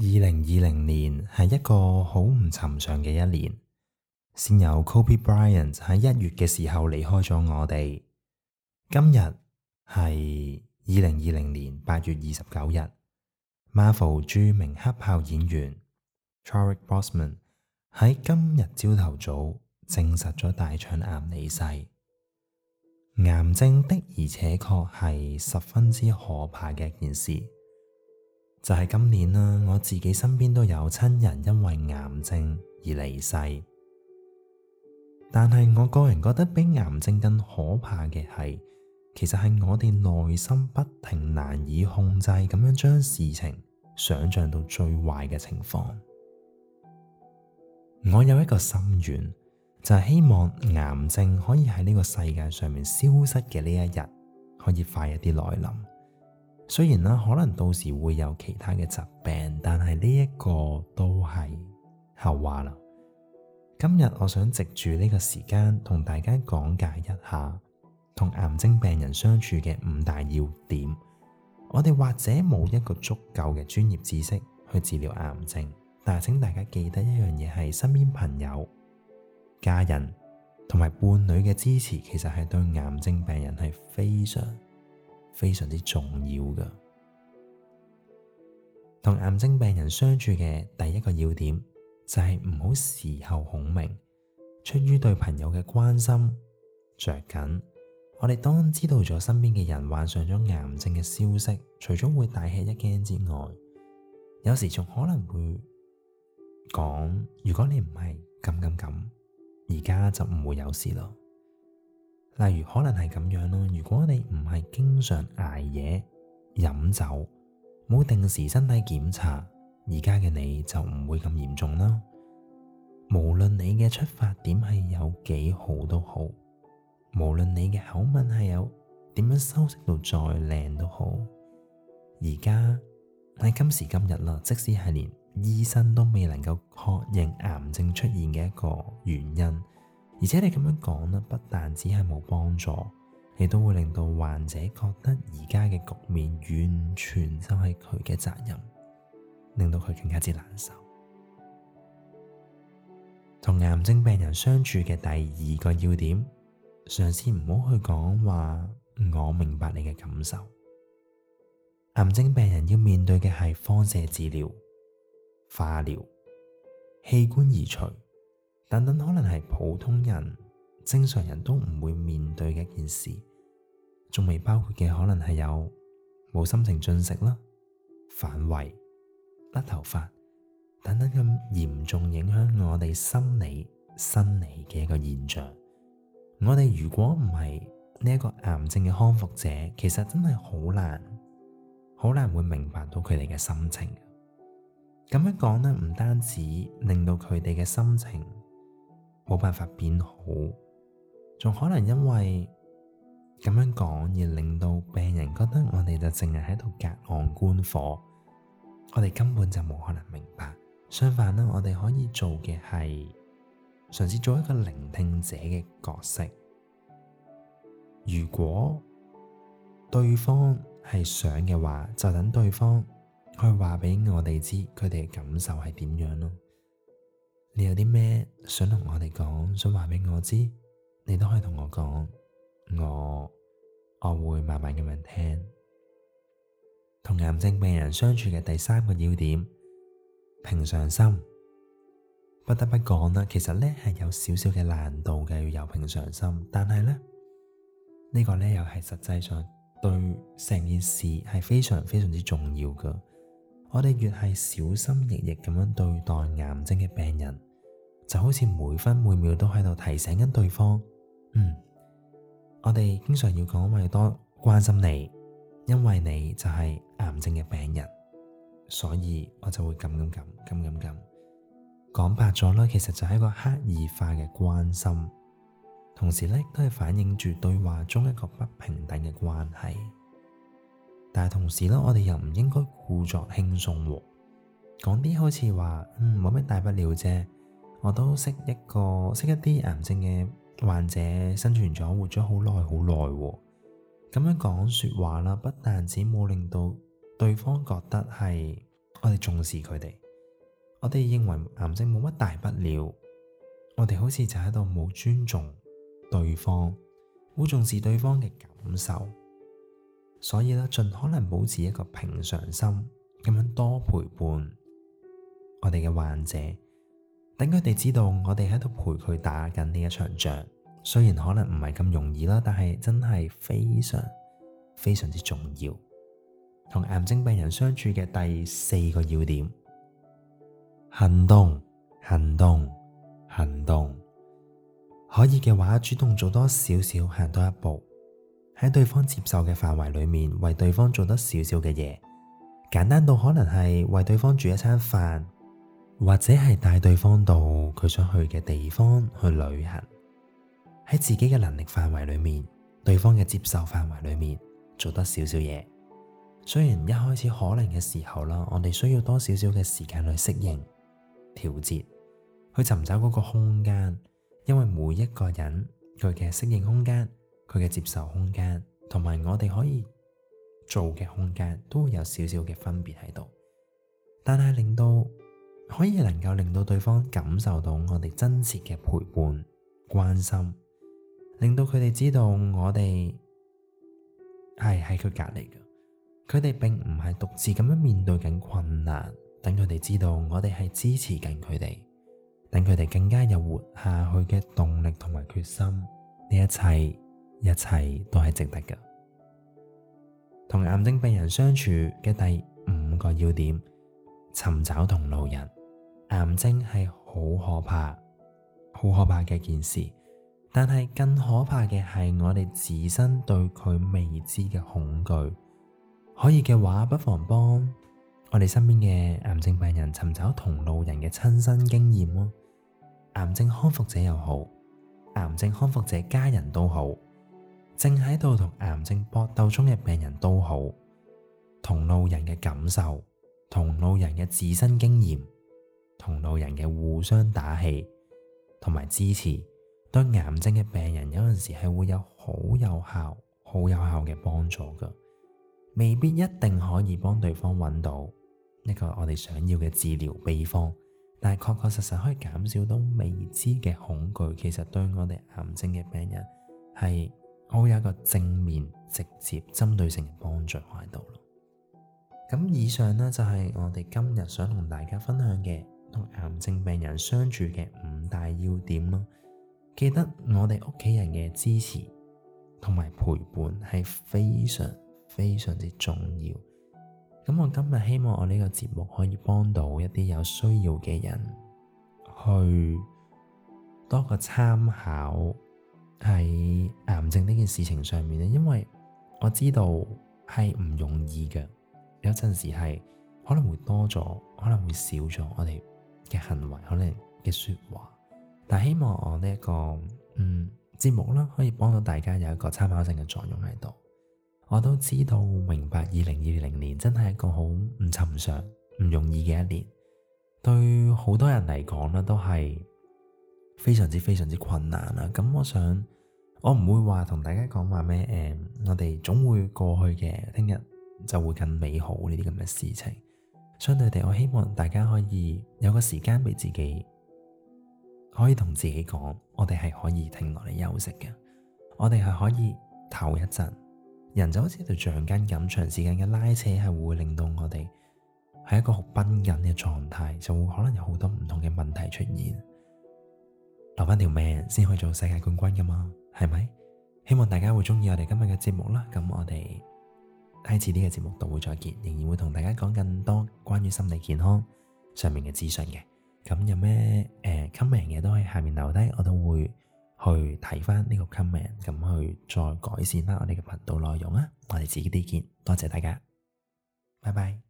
二零二零年係一個好唔尋常嘅一年，先有 Kobe Bryant 喺一月嘅時候離開咗我哋。今日係二零二零年八月二十九日，Marvel 著名黑豹演員 Chadwick Boseman 喺今日朝頭早證實咗大腸癌離世，癌症的而且確係十分之可怕嘅一件事。就係今年啦，我自己身邊都有親人因為癌症而離世。但係我個人覺得，比癌症更可怕嘅係，其實係我哋內心不停難以控制咁樣將事情想象到最壞嘅情況。我有一個心願，就係希望癌症可以喺呢個世界上面消失嘅呢一日，可以快一啲來臨。雖然咧，可能到時會有其他嘅疾病，但係呢一個都係後話啦。今日我想藉住呢個時間同大家講解一下同癌症病人相處嘅五大要點。我哋或者冇一個足夠嘅專業知識去治療癌症，但係請大家記得一樣嘢，係身邊朋友、家人同埋伴侶嘅支持，其實係對癌症病人係非常，非常之重要噶，同癌症病人相處嘅第一個要點就係唔好事後孔明。出於對朋友嘅關心，着緊。我哋當知道咗身邊嘅人患上咗癌症嘅消息，除咗會大吃一驚之外，有時仲可能會講：如果你唔係咁咁咁，而家就唔會有事咯。例如可能係咁樣咯，如果你唔係經常挨夜，飲酒，冇定時身體檢查，而家嘅你就唔會咁嚴重啦。無論你嘅出發點係有幾好都好，無論你嘅口吻係有點樣修飾到再靚都好，而家喺今時今日啦，即使係連醫生都未能夠確認癌症出現嘅一個原因。而且你咁樣講咧，不但只係冇幫助，你都會令到患者覺得而家嘅局面完全就係佢嘅責任，令到佢更加之難受。同癌症病人相處嘅第二個要點，嘗試唔好去講話，我明白你嘅感受。癌症病人要面對嘅係放射治療、化療、器官移除、等等可能係普通人、正常人都唔會面對嘅一件事，仲未包括嘅可能係有冇心情進食啦、反胃、甩頭髮等等咁嚴重影響我哋心理、生理嘅一個現象。我哋如果唔係呢一個癌症嘅康復者，其實真係好難，好難會明白到佢哋嘅心情。咁樣講呢，唔單止令到佢哋嘅心情。冇辦法變好，仲可能因為咁樣講而令到病人覺得我哋就淨係喺度隔岸觀火，我哋根本就冇可能明白。相反咧，我哋可以做嘅係嘗試做一個聆聽者嘅角色。如果對方係想嘅話，就等對方去話俾我哋知佢哋嘅感受係點樣咯。你有啲咩想同我哋講，想話畀我知，你都可以同我講，我我會慢慢咁樣聽。同癌症病人相處嘅第三個要點，平常心，不得不講啦。其實呢係有少少嘅難度嘅，要有平常心。但係呢，呢個呢又係實際上對成件事係非常非常之重要嘅。我哋越係小心翼翼咁樣對待癌症嘅病人。就好似每分每秒都喺度提醒緊對方，嗯，我哋經常要講咁多關心你，因為你就係癌症嘅病人，所以我就會咁咁咁咁咁咁。講白咗啦，其實就係一個刻意化嘅關心，同時呢都係反映住對話中一個不平等嘅關係。但係同時呢，我哋又唔應該故作輕鬆，講啲好似話嗯冇咩大不了啫。我都識一個識一啲癌症嘅患者，生存咗活咗好耐好耐喎，咁樣講說話啦，不但只冇令到對方覺得係我哋重視佢哋，我哋認為癌症冇乜大不了，我哋好似就喺度冇尊重對方，冇重視對方嘅感受，所以咧，盡可能保持一個平常心，咁樣多陪伴我哋嘅患者。等佢哋知道我哋喺度陪佢打緊呢一場仗，雖然可能唔係咁容易啦，但係真係非常非常之重要。同癌症病人相處嘅第四個要點：行動，行動，行動。可以嘅話，主動做多少少，行多一步，喺對方接受嘅範圍裏面，為對方做多少少嘅嘢。簡單到可能係為對方煮一餐飯。或者係帶對方到佢想去嘅地方去旅行，喺自己嘅能力範圍裏面，對方嘅接受範圍裏面，做多少少嘢。雖然一開始可能嘅時候啦，我哋需要多少少嘅時間去適應、調節，去尋找嗰個空間，因為每一個人佢嘅適應空間、佢嘅接受空間，同埋我哋可以做嘅空間，都會有少少嘅分別喺度，但係令到。可以能夠令到對方感受到我哋真切嘅陪伴、關心，令到佢哋知道我哋係喺佢隔籬嘅。佢哋並唔係獨自咁樣面對緊困難，等佢哋知道我哋係支持緊佢哋，等佢哋更加有活下去嘅動力同埋決心。呢一切，一切都係值得嘅。同癌症病人相處嘅第五個要點，尋找同路人。癌症係好可怕，好可怕嘅一件事，但係更可怕嘅係我哋自身對佢未知嘅恐懼。可以嘅話，不妨幫我哋身邊嘅癌症病人尋找同路人嘅親身經驗咯。癌症康復者又好，癌症康復者家人都好，正喺度同癌症搏鬥中嘅病人都好，同路人嘅感受，同路人嘅自身經驗。同路人嘅互相打氣同埋支持，對癌症嘅病人有陣時係會有好有效、好有效嘅幫助噶，未必一定可以幫對方揾到一個我哋想要嘅治療秘方，但係確確實實可以減少到未知嘅恐懼。其實對我哋癌症嘅病人係好有一個正面、直接、針對性嘅幫助喺度咯。咁以上呢，就係我哋今日想同大家分享嘅。癌症病人相處嘅五大要點咯，記得我哋屋企人嘅支持同埋陪伴係非常非常之重要。咁我今日希望我呢個節目可以幫到一啲有需要嘅人去多個參考喺癌症呢件事情上面咧，因為我知道係唔容易嘅，有陣時係可能會多咗，可能會少咗，我哋，嘅行為可能嘅說話，但希望我呢、這、一個嗯節目啦，可以幫到大家有一個參考性嘅作用喺度。我都知道明白，二零二零年真係一個好唔尋常、唔容易嘅一年，對好多人嚟講咧都係非常之、非常之困難啦。咁我想我唔會話同大家講話咩，誒、嗯，我哋總會過去嘅，聽日就會更美好呢啲咁嘅事情。相對地，我希望大家可以有個時間畀自己，可以同自己講，我哋係可以停下來休息嘅，我哋係可以唞一陣。人就好似一條橡筋咁，長時間嘅拉扯係會，會令到我哋係一個好繃緊嘅狀態，就會可能有好多唔同嘅問題出現。留翻條命先可以做世界冠軍噶嘛，係咪？希望大家會鍾意我哋今日嘅節目啦。咁我哋。下次呢個節目都會再見，仍然會同大家講更多關於心理健康上面嘅資訊嘅。咁有咩誒、呃、comment 嘅都可以下面留低，我都會去睇翻呢個 comment，咁去再改善翻我哋嘅頻道內容啊。我哋遲啲見，多謝大家，拜拜。